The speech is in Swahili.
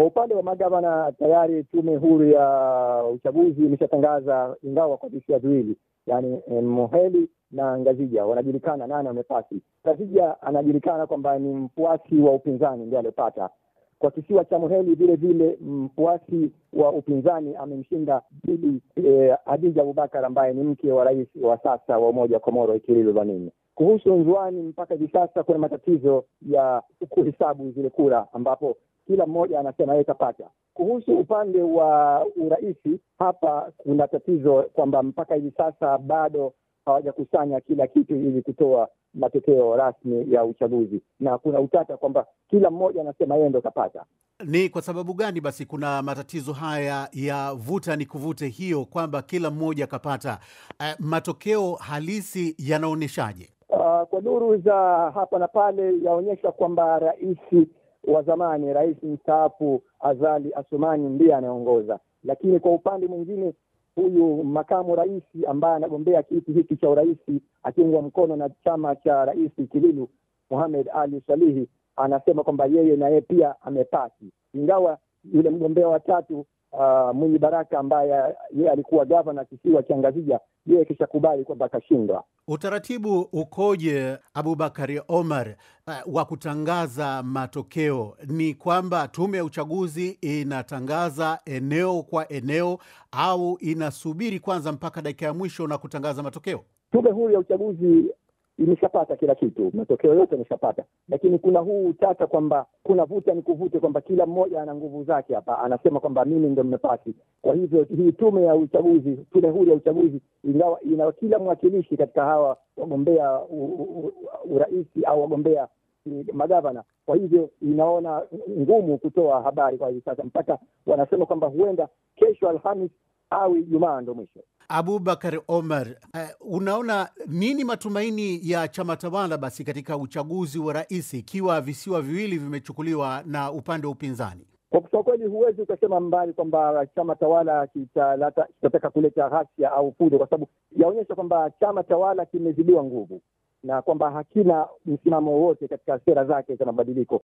Kwa upande wa magavana, tayari tume huru ya uchaguzi imeshatangaza, ingawa kwa visia viwili, yaani Muheli na Ngazija wanajulikana nani amepasi. Ngazija anajulikana kwamba ni mfuasi wa upinzani ndio aliopata Kwa kisiwa cha Muheli vile vile mfuasi wa upinzani amemshinda Bibi eh, Abubakar ambaye ni mke wa rais wa sasa wa Umoja wa Komoro Ikirilo Vanini. Kuhusu Nzwani, mpaka hivi sasa kuna matatizo ya kuhesabu zile kura, ambapo kila mmoja anasema yeye kapata. Kuhusu upande wa urahisi hapa kuna tatizo kwamba mpaka hivi sasa bado hawajakusanya kila kitu ili kutoa matokeo rasmi ya uchaguzi, na kuna utata kwamba kila mmoja anasema yeye ndo kapata. Ni kwa sababu gani basi kuna matatizo haya ya vuta ni kuvute hiyo, kwamba kila mmoja kapata? Uh, eh, matokeo halisi yanaonyeshaje? Uh, kwa duru za hapa na pale yaonyesha kwamba rais wa zamani rais mstaafu Azali Asumani ndiye anaongoza, lakini kwa upande mwingine huyu makamu rais ambaye anagombea kiti hiki cha urais akiungwa mkono na chama cha rais Kililu muhamed Ali Salihi anasema kwamba yeye naye pia amepasi ingawa yule mgombea wa tatu uh, Mwinyi Baraka ambaye yeye alikuwa gavana kisiwa cha Ngazija yeye kishakubali kwamba akashindwa. Utaratibu ukoje, Abubakari Omar, eh, wa kutangaza matokeo? Ni kwamba tume ya uchaguzi inatangaza eneo kwa eneo au inasubiri kwanza mpaka dakika ya mwisho na kutangaza matokeo? Tume huru ya uchaguzi imeshapata kila kitu, matokeo yote ameshapata, lakini kuna huu utata kwamba kuna vuta ni kuvute kwamba kila mmoja ana nguvu zake hapa, anasema kwamba mimi ndo mmepasi. Kwa hivyo hii tume ya uchaguzi, tume huru ya uchaguzi, ingawa ina kila mwakilishi katika hawa wagombea urais au wagombea eh, magavana, kwa hivyo inaona ngumu kutoa habari kwa hivi sasa, mpaka wanasema kwamba huenda kesho Alhamis au Ijumaa ndo mwisho. Abubakar Omar, uh, unaona nini matumaini ya chama tawala basi katika uchaguzi wa rais ikiwa visiwa viwili vimechukuliwa na upande wa upinzani? Kwa kusema kweli, huwezi ukasema mbali kwamba chama tawala kitataka kuleta ghasia au fujo, kwa sababu yaonyesha kwamba chama tawala kimezidiwa nguvu na kwamba hakina msimamo wowote katika sera zake za mabadiliko.